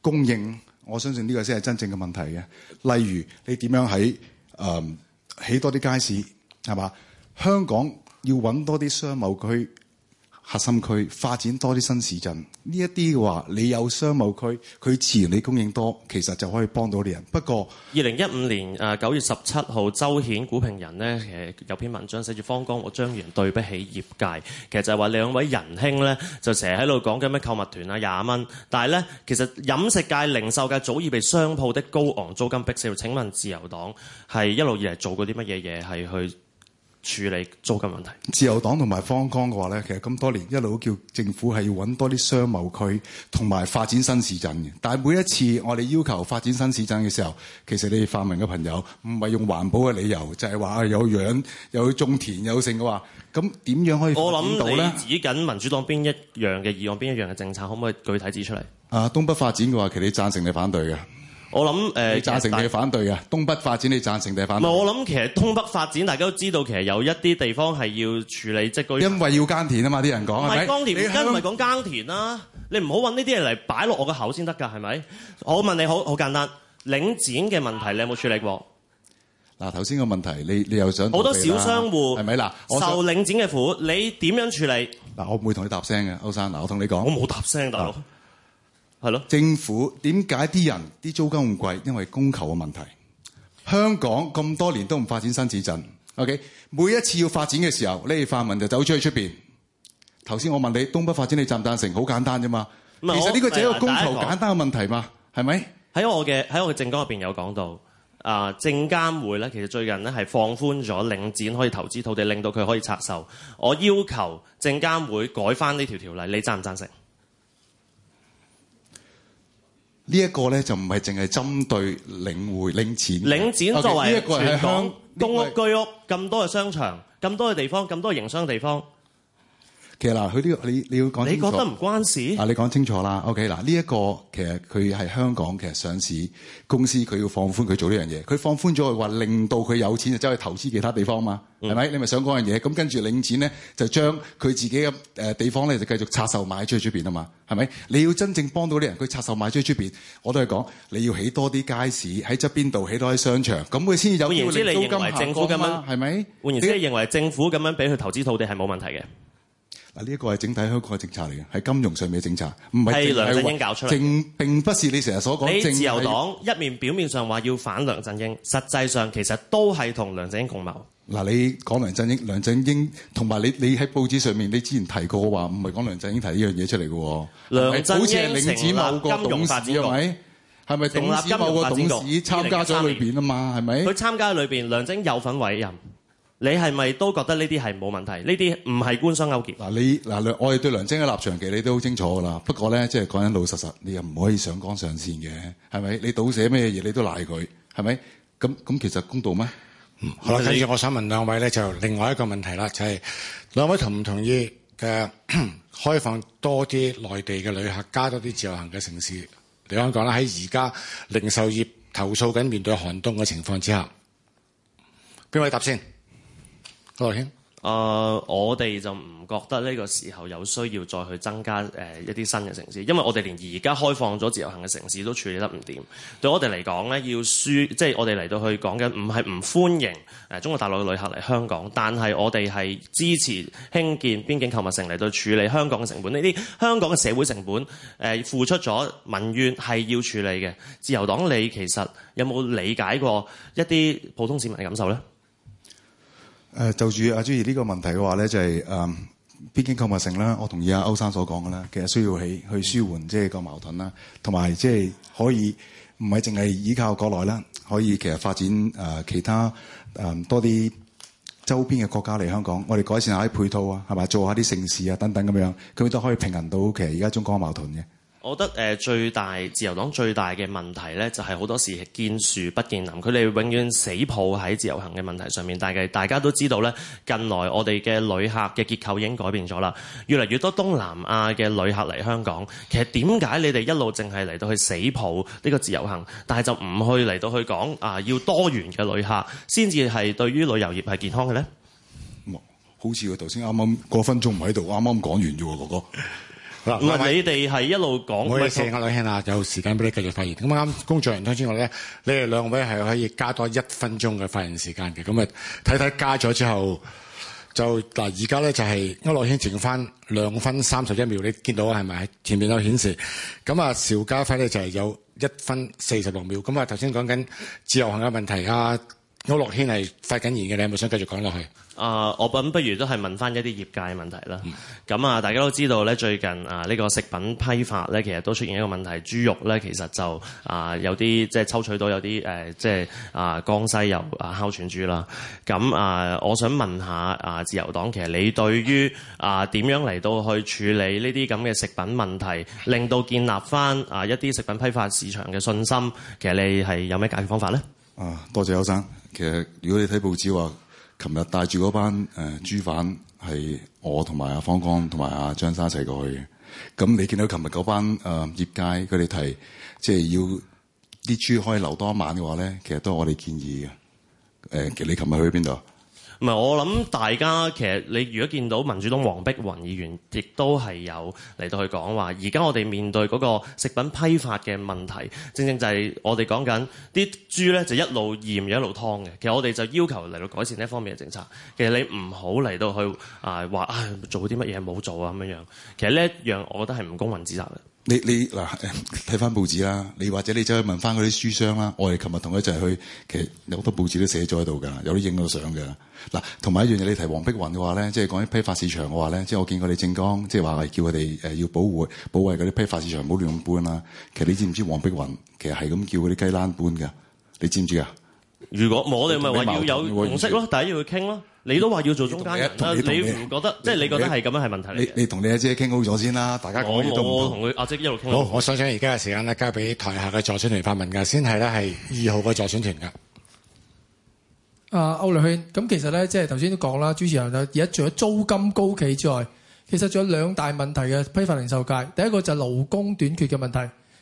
供應？我相信呢個先係真正嘅問題嘅。例如你點樣喺嗯起多啲街市係嘛？香港要揾多啲商貿區。核心區發展多啲新市鎮，呢一啲嘅話，你有商貿區，佢自然你供應多，其實就可以幫到啲人。不過，二零一五年誒九月十七號，周顯股評人呢，有篇文章寫住方剛和張元對不起業界，其實就係話兩位仁兄呢，就成日喺度講緊咩購物團啊廿蚊，但係呢，其實飲食界、零售界早已被商鋪的高昂租金逼死。請問自由黨係一路以嚟做過啲乜嘢嘢係去？處理租金問題。自由黨同埋方剛嘅話咧，其實咁多年一路叫政府係要揾多啲商貿區同埋發展新市鎮嘅。但係每一次我哋要求發展新市鎮嘅時候，其實你泛民嘅朋友唔係用環保嘅理由，就係話啊有養又種田有剩嘅話，咁點樣可以反對咧？我諗你指緊民主黨邊一樣嘅議案，邊一樣嘅政策，可唔可以具體指出嚟？啊，東北發展嘅話，其實你贊成你反對嘅。我諗誒，你贊成定係反對嘅？東北發展你贊成定係反對？唔係我諗，其實東北發展大家都知道，其實有一啲地方係要處理，即嗰，因為要耕田啊嘛，啲人講係咪？耕田唔耕咪講耕田啦！你唔好揾呢啲嘢嚟擺落我個口先得㗎，係咪？我問你，好好簡單，領展嘅問題你有冇處理過？嗱，頭先個問題，你你又想好多小商戶係咪嗱？受領展嘅苦，你點樣處理？嗱，我唔會同你答聲嘅，區生，嗱，我同你講，我冇答聲，大佬。係咯，是政府點解啲人啲租金咁貴？因為供求嘅問題。香港咁多年都唔發展新市鎮，OK？每一次要發展嘅時候，呢啲泛民就走出去出邊。頭先我問你東北發展你贊唔贊成？好簡單啫嘛。不其實呢個就係一個供求簡單嘅問題嘛，係咪？喺我嘅喺我嘅政、呃、政綱入面有講到啊，證監會咧其實最近咧係放寬咗領展可以投資土地，令到佢可以拆售。我要求證監會改翻呢條條例，你贊唔贊成？呢一個咧就唔係淨係針對領匯領展，領展作為呢一公屋居屋咁為多嘅商場，咁多嘅地方，咁多嘅營商地方。其實嗱、這個，佢呢個你你要講，你覺得唔關事啊？你講清楚啦，OK 嗱，呢一個其實佢係香港其實上市公司，佢要放寬佢做呢樣嘢。佢放寬咗，佢話令到佢有錢就走去投資其他地方啊嘛，係咪、嗯？你咪想講樣嘢？咁跟住領錢咧，就將佢自己嘅地方咧就繼續拆售賣出去出面啊嘛，係咪？你要真正幫到啲人，佢拆售賣出去出面，我都係講你要起多啲街市喺側邊度，起多啲商場。咁佢先至有換言之租金，係政府嘅嘛，係咪？你認為政府咁樣俾佢投資土地係冇問題嘅。嗱，呢一個係整體香港嘅政策嚟嘅，係金融上面嘅政策，唔係係梁振英搞出嚟，正，並不是你成日所講。你自由黨一面表面上話要反梁振英，實際上其實都係同梁振英共謀。嗱，你講梁振英，梁振英同埋你你喺報紙上面你之前提過話，唔係講梁振英提呢樣嘢出嚟嘅喎。梁振英成立金融發展局係咪？係咪董，董事？某個董事參加咗裏邊啊嘛，係咪？佢參加喺裏邊，梁振英有份委任。你係咪都覺得呢啲係冇問題？呢啲唔係官商勾結嗱？你嗱我哋對梁晶嘅立場，其實你都好清楚噶啦。不過咧，即係講緊老實實，你又唔可以上綱上線嘅，係咪？你倒寫咩嘢，你都賴佢，係咪？咁咁，其實公道咩？嗯嗯、好啦，第二，我想問兩位咧，就另外一個問題啦，就係、是、兩位同唔同意嘅開放多啲內地嘅旅客，加多啲自由行嘅城市？你啱講啦，喺而家零售業投訴緊面對寒冬嘅情況之下，邊位答先？Hello. uh, 我哋就唔覺得呢個時候有需要再去增加誒、呃、一啲新嘅城市，因為我哋連而家開放咗自由行嘅城市都處理得唔掂。對我哋嚟講呢，要輸，即係、就是、我哋嚟到去講緊，唔係唔歡迎中國大陸嘅旅客嚟香港，但係我哋係支持興建邊境購物城嚟到處理香港嘅成本。呢啲香港嘅社會成本誒、呃、付出咗民怨係要處理嘅。自由黨，你其實有冇理解過一啲普通市民嘅感受呢？誒、呃、就住阿朱怡呢個問題嘅話咧，就係、是、誒，畢竟購物城啦，我同意阿區生所講嘅啦，其實需要起去舒緩即係個矛盾啦，同埋即係可以唔係淨係依靠國內啦，可以其實發展誒、呃、其他誒、呃、多啲周邊嘅國家嚟香港，我哋改善下啲配套啊，係咪做一下啲城市啊等等咁樣，佢都可以平衡到其實而家中港嘅矛盾嘅。我覺得誒、呃、最大自由黨最大嘅問題呢，就係、是、好多時係見樹不見林，佢哋永遠死抱喺自由行嘅問題上面。但係大家都知道呢近來我哋嘅旅客嘅結構已經改變咗啦，越嚟越多東南亞嘅旅客嚟香港。其實點解你哋一路淨係嚟到去死抱呢個自由行，但係就唔去嚟到去講啊，要多元嘅旅客先至係對於旅遊業係健康嘅呢？好似佢頭先啱啱嗰分鐘唔喺度，啱啱講完啫喎，哥哥。唔係你哋係一路講，我哋四個老啊，有時間俾你繼續發言。咁啱，工作人員通知我咧，你哋兩位係可以多加多一分鐘嘅發言時間嘅。咁啊，睇睇加咗之後，就嗱，而家咧就係區諾軒剩翻兩分三十一秒，你見到係咪？係喺前面有顯示。咁啊，邵家輝咧就係、係、有一分四十六秒。咁啊，頭先講緊自由行嘅問題啊。區諾軒係發緊言嘅，你有冇想繼續講落去？啊，我咁不如都係問翻一啲業界嘅問題啦。咁啊、嗯，大家都知道咧，最近啊呢個食品批發咧，其實都出現一個問題，豬肉咧其實就啊有啲即係抽取到有啲誒即係啊江西有啊哮喘豬啦。咁啊，我想問下啊自由黨，其實你對於啊點樣嚟到去處理呢啲咁嘅食品問題，令到建立翻啊一啲食品批發市場嘅信心，其實你係有咩解決方法咧？啊，多謝區生。其實如果你睇報紙話，琴日帶住嗰班誒豬販係我同埋阿方剛同埋阿張生一齊過去嘅。咁你見到琴日嗰班誒、呃、業界佢哋提，即係要啲豬可以多留多一晚嘅話咧，其實都係我哋建議嘅。誒、呃，其實你琴日去邊度？唔係，我諗大家其實你如果見到民主黨黃碧雲議員，亦都係有嚟到去講話。而家我哋面對嗰個食品批發嘅問題，正正就係我哋講緊啲豬呢，就一路鹽一路劏嘅。其實我哋就要求嚟到改善呢方面嘅政策。其實你唔好嚟到去話、啊哎、做啲乜嘢冇做啊咁樣樣。其實呢一樣我覺得係唔公允指責嘅。你你嗱睇翻報紙啦，你或者你走去問翻嗰啲書商啦。我哋琴日同佢一齊去，其實有好多報紙都寫咗喺度㗎，有啲影到相㗎。嗱，同埋一樣嘢，你提黃碧雲嘅話咧，即係講啲批發市場嘅話咧，即係我見過你政綱，即係話係叫佢哋誒要保護、保衞嗰啲批發市場，唔好亂咁搬啦。其實你知唔知黃碧雲其實係咁叫嗰啲雞欄搬㗎？你知唔知啊？如果我哋咪話要有模式咯，第一要去傾咯。你都話要做中間，你唔覺得？即係你覺得係咁樣係問題嚟嘅。你你同你阿姐傾好咗先啦，大家講呢度唔同。我我同佢阿姐一路傾。好，我想想而家嘅時間咧，交俾台下嘅助選團發問嘅，先係咧係二號嘅助選團嘅。阿歐亮軒，咁其實咧，即係頭先都講啦，主持人就而家除咗租金高企之外，其實仲有兩大問題嘅批發零售界。第一個就勞工短缺嘅問題，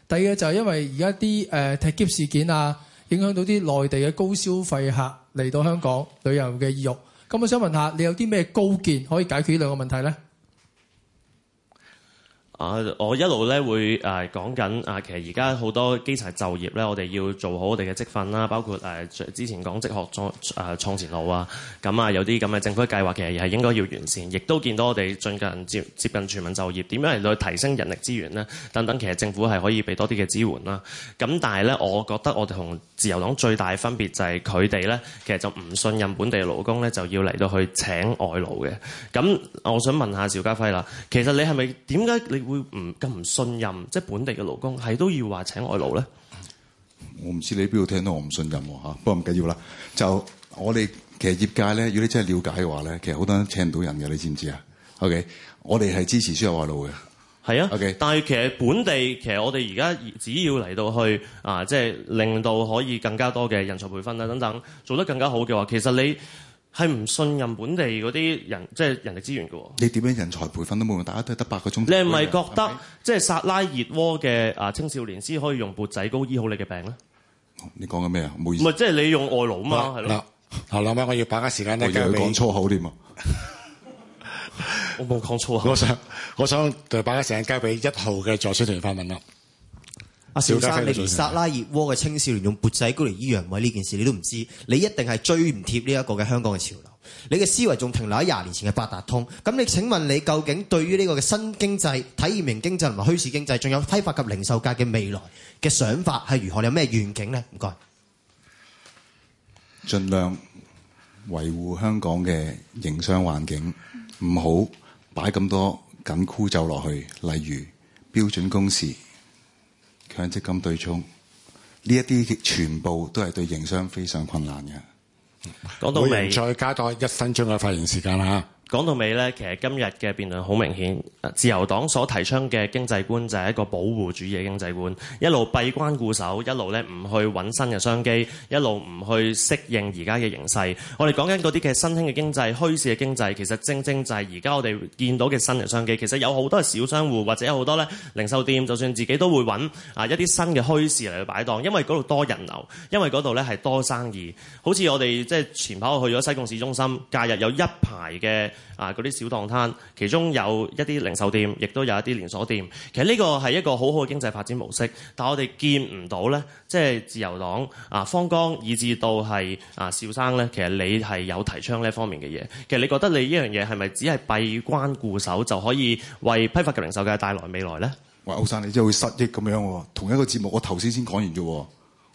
第二個就係因為而家啲誒踢劫事件啊。影響到啲內地嘅高消費客嚟到香港旅遊嘅意欲，噉我想問下，你有啲咩高見可以解決呢兩個問題呢？啊！我一路咧會誒講緊啊，其實而家好多基層就業咧，我哋要做好我哋嘅職訓啦，包括誒、呃、之前講職學、呃、創前路啊，咁啊有啲咁嘅政府計劃其實係應該要完善，亦都見到我哋進近接接近全民就業，點樣嚟到提升人力資源咧？等等，其實政府係可以俾多啲嘅支援啦。咁但係咧，我覺得我哋同自由黨最大分別就係佢哋咧，其實就唔信任本地勞工咧，就要嚟到去請外勞嘅。咁我想問下邵家輝啦，其實你係咪點解你？會唔咁唔信任，即係本地嘅勞工，係都要話請外勞咧？我唔知你邊度聽到我唔信任吓、啊，不過唔緊要啦。就我哋其實業界咧，如果你真係了解嘅話咧，其實好多人請唔到人嘅，你知唔知啊？OK，我哋係支持輸入外勞嘅，係、okay? 啊。OK，但係其實本地，其實我哋而家只要嚟到去啊，即、就、係、是、令到可以更加多嘅人才培訓啊等等做得更加好嘅話，其實你。係唔信任本地嗰啲人，即係人力資源喎。你點樣人才培訓都冇用，大家都得八個鐘。你係咪覺得是是即係薩拉熱窩嘅啊青少年先可以用缽仔糕醫好你嘅病咧？你講緊咩啊？唔好意思。唔係即係你用外勞啊嘛？係咯吧。嗱了，阿林我要把握時間咧，叫佢講粗口添喎。我冇講粗口。我想我想對把握時間交俾一號嘅助手團發問啦。阿邵生，你連薩拉熱窩嘅青少年用缽仔糕嚟醫穴位呢件事，你都唔知，你一定係追唔貼呢一個嘅香港嘅潮流。你嘅思維仲停留喺廿年前嘅八達通，咁你請問你究竟對於呢個嘅新經濟、體驗型經濟同埋虛擬經濟，仲有批發及零售界嘅未來嘅想法係如何？你有咩願景呢？唔該，盡量維護香港嘅營商環境，唔好擺咁多緊箍咒落去，例如標準工時。兩積金對沖，呢一啲全部都係對營商非常困難嘅。講到明，再加多一分鐘嘅發言時間講到尾呢，其實今日嘅辯論好明顯，自由黨所提倡嘅經濟觀就係一個保護主義嘅經濟觀，一路閉關固守，一路咧唔去揾新嘅商機，一路唔去適應而家嘅形勢。我哋講緊嗰啲嘅新興嘅經濟、墟市嘅經濟，其實正正就係而家我哋見到嘅新嘅商機。其實有好多係小商戶或者有好多咧零售店，就算自己都會揾啊一啲新嘅墟市嚟去擺檔，因為嗰度多人流，因為嗰度咧係多生意。好似我哋即係前排我去咗西貢市中心，假日有一排嘅。啊！嗰啲小檔攤，其中有一啲零售店，亦都有一啲連鎖店。其實呢個係一個很好好嘅經濟發展模式，但係我哋見唔到咧，即係自由黨啊、方剛以至到係啊兆生咧，其實你係有提倡呢方面嘅嘢。其實你覺得你依樣嘢係咪只係閉關固守就可以為批發嘅零售界帶來未來咧？喂，歐生，你真係會失憶咁樣喎？同一個節目，我頭先先講完啫。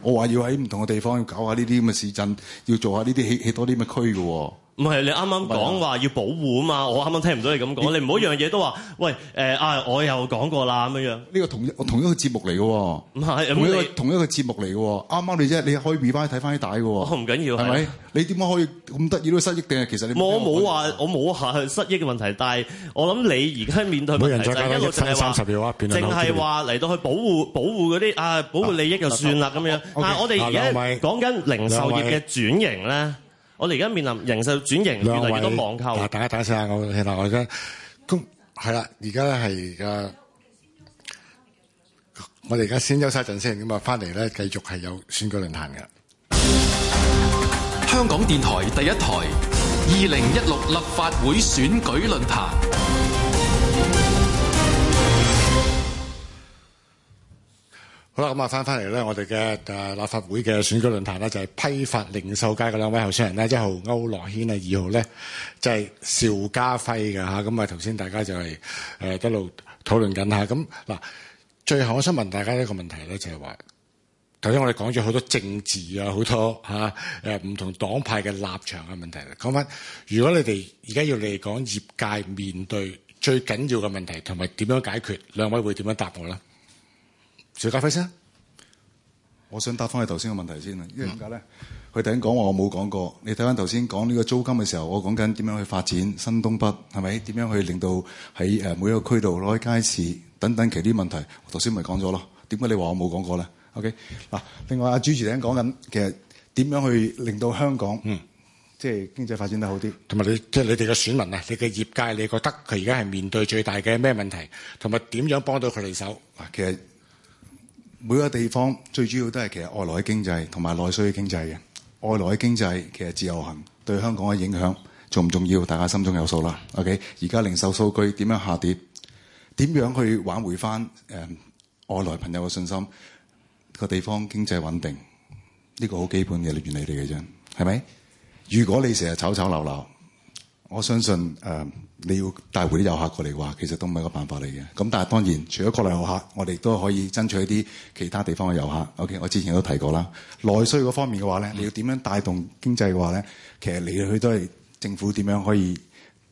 我話要喺唔同嘅地方要搞下呢啲咁嘅市鎮，要做下呢啲起起多啲咁嘅區嘅。唔係你啱啱講話要保護啊嘛，我啱啱聽唔到你咁講。我你唔好一樣嘢都話，喂誒啊！我又講過啦咁樣。呢個同一，同一個節目嚟嘅喎。唔係同一個同一個節目嚟嘅喎，啱啱你啫，你可以回翻睇翻啲帶嘅喎。唔緊要係咪？你點解可以咁得意都失憶，定係其實你我冇話，我冇嚇佢失憶嘅問題，但係我諗你而家面對嘅問題，一路淨係話嚟到去保護保護嗰啲啊，保護利益就算啦咁樣。但係我哋而家講緊零售業嘅轉型咧，我哋而家面臨形勢轉型，越嚟越多網購。嗱，大家打聲啊！我嗱，我而家咁係啦，而家係嘅。我哋而家先休息陣先，咁啊，翻嚟咧繼續係有選舉論壇嘅。香港電台第一台二零一六立法會選舉論壇。好啦，咁啊，翻翻嚟咧，我哋嘅誒立法會嘅選舉論壇呢，就係、是、批發零售界嘅兩位候選人呢，一號區諾軒啊，二號咧就係、是、邵家輝㗎。咁啊，頭先大家就係誒一路討論緊下。咁、啊、嗱，最後我想問大家一個問題咧，就係話頭先我哋講咗好多政治啊，好多唔、啊啊、同黨派嘅立場嘅問題啦。講翻，如果你哋而家要嚟講業界面對最緊要嘅問題同埋點樣解決，兩位會點樣答我咧？邵家輝先，我我，我想答翻你頭先嘅問題先，因為點解咧？佢突然講話我冇講過，你睇翻頭先講呢個租金嘅時候，我講緊點樣去發展新東北，係咪點樣去令到喺、呃、每一個區度攞啲街市等等其啲問題？我頭先咪講咗咯。點解你話我冇講過咧？OK 嗱，另外阿主持人講緊，其實點樣去令到香港嗯，即係經濟發展得好啲。同埋你即係、就是、你哋嘅選民啊，你嘅業界，你覺得佢而家係面對最大嘅咩問題？同埋點樣幫到佢哋手？嗱，其實。每個地方最主要都係其實外來嘅經濟同埋內需嘅經濟嘅，外來嘅經濟其實自由行對香港嘅影響重唔重要？大家心中有數啦。OK，而家零售數據點樣下跌？點樣去挽回翻、呃、外來朋友嘅信心？個地方經濟穩定，呢個好基本嘅原理嚟嘅啫，係咪？如果你成日吵吵鬧鬧，我相信誒。呃你要帶回啲遊客過嚟嘅話，其實都唔係個辦法嚟嘅。咁但係當然，除咗國內遊客，我哋都可以爭取一啲其他地方嘅遊客。OK，我之前都提過啦。內需嗰方面嘅話咧，你要點樣帶動經濟嘅話咧，其實你去都係政府點樣可以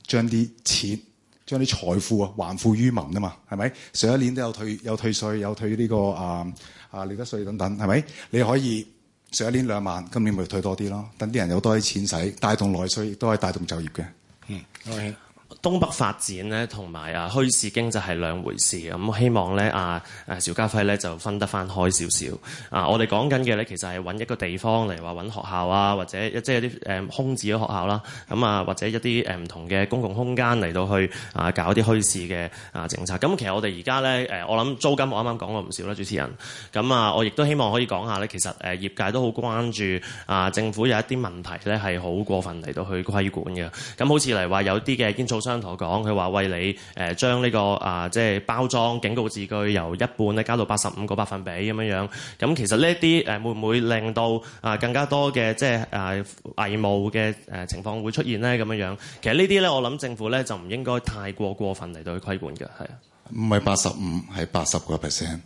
將啲錢、將啲財富啊還富於民啊嘛，係咪？上一年都有退、有退稅、有退呢個啊啊利得稅等等，係咪？你可以上一年兩萬，今年咪退多啲咯，等啲人有多啲錢使，帶動內需，亦都係帶動就業嘅。嗯，OK。東北發展咧同埋啊虛市經濟係兩回事，咁希望咧啊誒邵家輝咧就分得翻開少少啊！我哋講緊嘅咧其實係揾一個地方嚟話揾學校啊，或者一即係啲誒空置嘅學校啦，咁啊或者一啲誒唔同嘅公共空間嚟到去啊搞啲虛市嘅啊政策。咁其實我哋而家咧誒，我諗租金我啱啱講過唔少啦，主持人。咁啊，我亦都希望可以講下咧，其實誒業界都好關注啊政府有一啲問題咧係好過分嚟到去規管嘅。咁好似嚟話有啲嘅煙草。商台講，佢話為你誒、呃、將呢、呢個啊、呃，即係包裝警告字句由一半咧加到八十五個百分比咁樣樣。咁其實呢一啲誒會唔會令到啊、呃、更加多嘅即係誒偽冒嘅誒情況會出現咧咁樣樣？其實呢啲咧，我諗政府咧就唔應該太過過分嚟到去規管嘅，係啊。唔係八十五，係八十個 percent。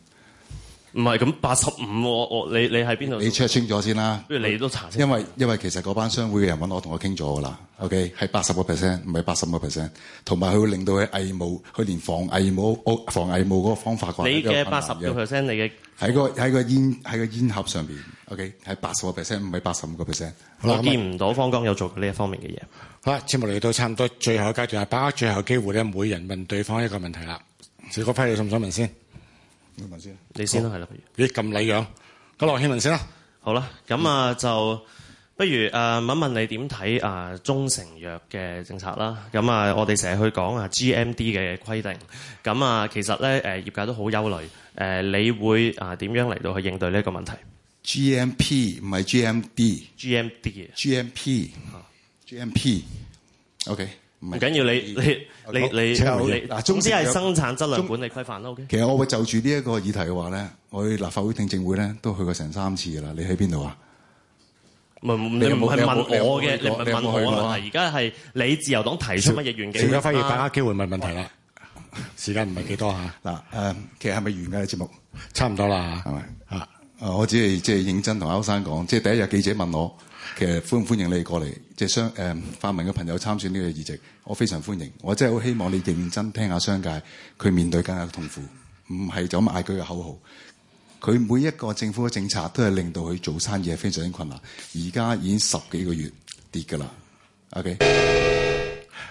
唔係咁，八十五喎，我你你喺邊度？你 check 清咗先啦。不如你都查先。因為因為其實嗰班商會嘅人揾我同我傾咗㗎啦。嗯、OK，係八十個 percent，唔係八十五個 percent。同埋佢會令到佢偽冒，佢連防偽冒，防偽冒嗰個方法個你。你嘅八十個 percent，你嘅喺個喺個煙喺個煙盒上邊。OK，係八十個 percent，唔係八十五個 percent。好，我見唔到方剛有做過呢一方面嘅嘢。好，節目嚟到差唔多最後階段，係把握最後機會咧，每人問對方一個問題啦。邵家輝，你想唔想問先？你先啦，係啦，不如你咁禮樣，咁羅慶文先啦。好啦，咁啊，就不如誒問一問你點睇啊中成藥嘅政策啦。咁啊，我哋成日去講啊 GMD 嘅規定。咁啊，其實咧誒、啊、業界都好憂慮。誒、啊，你會啊點樣嚟到去應對呢一個問題？GMP 唔係 GMD，GMD 嘅 GMP，GMP，OK。唔緊要，你你你你嗱，總之係生產質量管理規範 OK，其實我會就住呢一個議題嘅話咧，我去立法會聽證會咧都去過成三次㗎啦。你喺邊度啊？唔，你唔係問我嘅，你唔係問我。而家係你自由黨提出乜議員，而家反而大家機會問問題啦。時間唔係幾多吓。嗱誒，其實係咪完嘅節目？差唔多啦，係咪啊？我只係即係認真同區生講，即係第一日記者問我。其實歡唔歡迎你過嚟，即係商誒泛民嘅朋友參選呢個議席，我非常歡迎。我真係好希望你哋認真聽下商界佢面對緊嘅痛苦，唔係就咁嗌佢嘅口號。佢每一個政府嘅政策都係令到佢做生意非常之困難。而家已經十幾個月跌㗎啦。OK，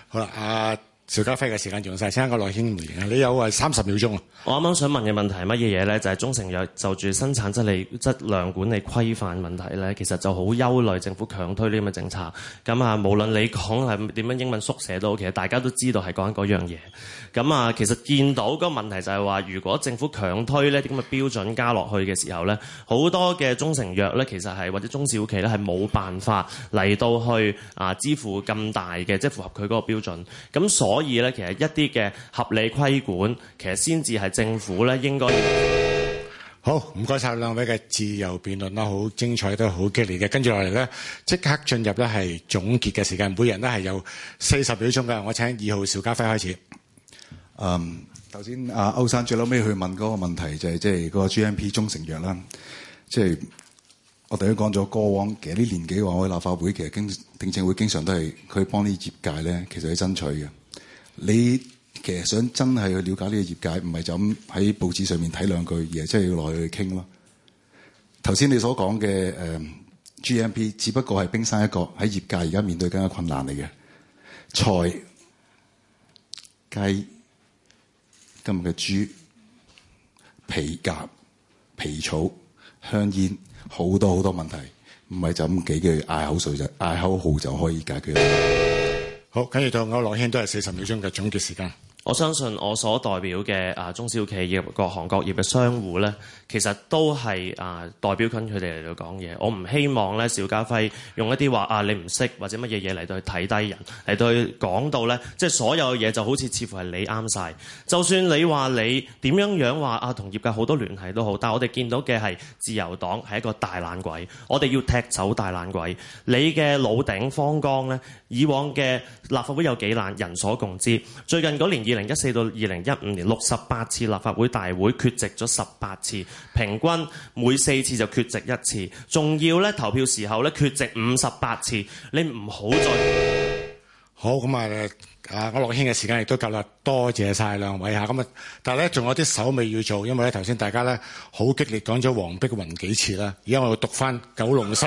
好啦，啊邵家輝嘅時間用晒。請個內兄嚟。你有啊三十秒鐘啊！我啱啱想問嘅問題係乜嘢嘢咧？就係、係、中成藥就住生產質理質量管理規範問題咧，其實就好憂慮政府強推呢咁嘅政策。咁啊，無論你講係點樣英文縮寫都好，其實大家都知道係講緊嗰樣嘢。咁啊，其實見到個問題就係話，如果政府強推呢啲咁嘅標準加落去嘅時候咧，好多嘅中成藥咧，其實係或者中小企咧係冇辦法嚟到去啊支付咁大嘅，即、係、符合佢嗰個標準。咁所所以咧，其實一啲嘅合理規管，其實先至係政府咧應該。好，唔該晒兩位嘅自由辯論啦，好精彩，都好激烈嘅。跟住落嚟咧，即刻進入咧係總結嘅時間，每人都係有四十秒鐘嘅。我請二號邵家輝開始。嗯，頭先阿區生最撈尾去問嗰個問題就係即係嗰個 GMP 中成藥啦，即係我哋都講咗過往其實啲年紀嘅話，我立法會其實經定政會經常都係佢幫啲業界咧，其實去爭取嘅。你其實想真係去了解呢個業界，唔係就咁喺報紙上面睇兩句，而係真係要落去傾咯。頭先你所講嘅誒 GMP，只不過係冰山一角。喺業界而家面對更加困難嚟嘅菜雞、今日嘅、豬皮、夾皮草、香煙，好多好多問題，唔係就咁幾句嗌口水就嗌口號就可以解決。好，跟住到區諾軒都係四十秒鐘嘅總結時間。我相信我所代表嘅啊中小企業各行各業嘅商戶咧，其實都係啊代表緊佢哋嚟到講嘢。我唔希望咧，邵家輝用一啲話啊你唔識或者乜嘢嘢嚟到去睇低人，嚟到去講到咧，即係所有嘢就好似似乎係你啱晒。就算你話你點樣樣話啊同業界好多聯繫都好，但係我哋見到嘅係自由黨係一個大懶鬼，我哋要踢走大懶鬼。你嘅老頂方剛咧，以往嘅立法會有幾懶，人所共知。最近嗰年二。二零一四到二零一五年，六十八次立法會大會缺席咗十八次，平均每四次就缺席一次，仲要咧投票時候咧缺席五十八次，你唔好再好咁啊！啊，我諾軒嘅時間亦都夠啦，多謝晒兩位吓，咁啊，但係咧仲有啲手尾要做，因為咧頭先大家咧好激烈講咗黃碧雲幾次啦，而家我要讀翻九龍西。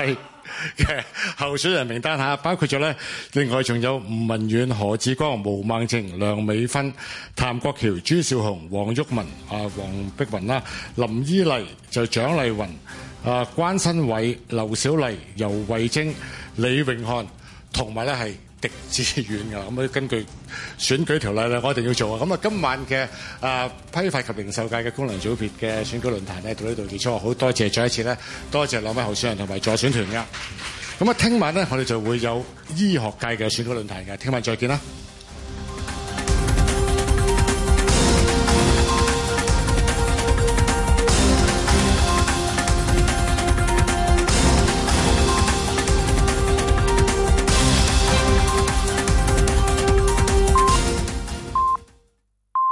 嘅候選人名單吓，包括咗呢，另外仲有吳文遠、何志光、毛孟靜、梁美芬、譚國僑、朱韶洪、黃毓民、阿、啊、黃碧雲啦，林依麗就蔣麗芸，關新偉、劉小麗、游慧,蕙禎、李泳漢，同埋咧係。地之遠㗎，咁啊根據選舉條例咧，我一定要做啊！咁啊，今晚嘅啊批發及零售界嘅功能組別嘅選舉論壇咧，到呢度結束，好多謝再一次咧，多謝兩位候選人同埋助選團㗎！咁啊，聽晚咧，我哋就會有醫學界嘅選舉論壇嘅，聽晚再見啦！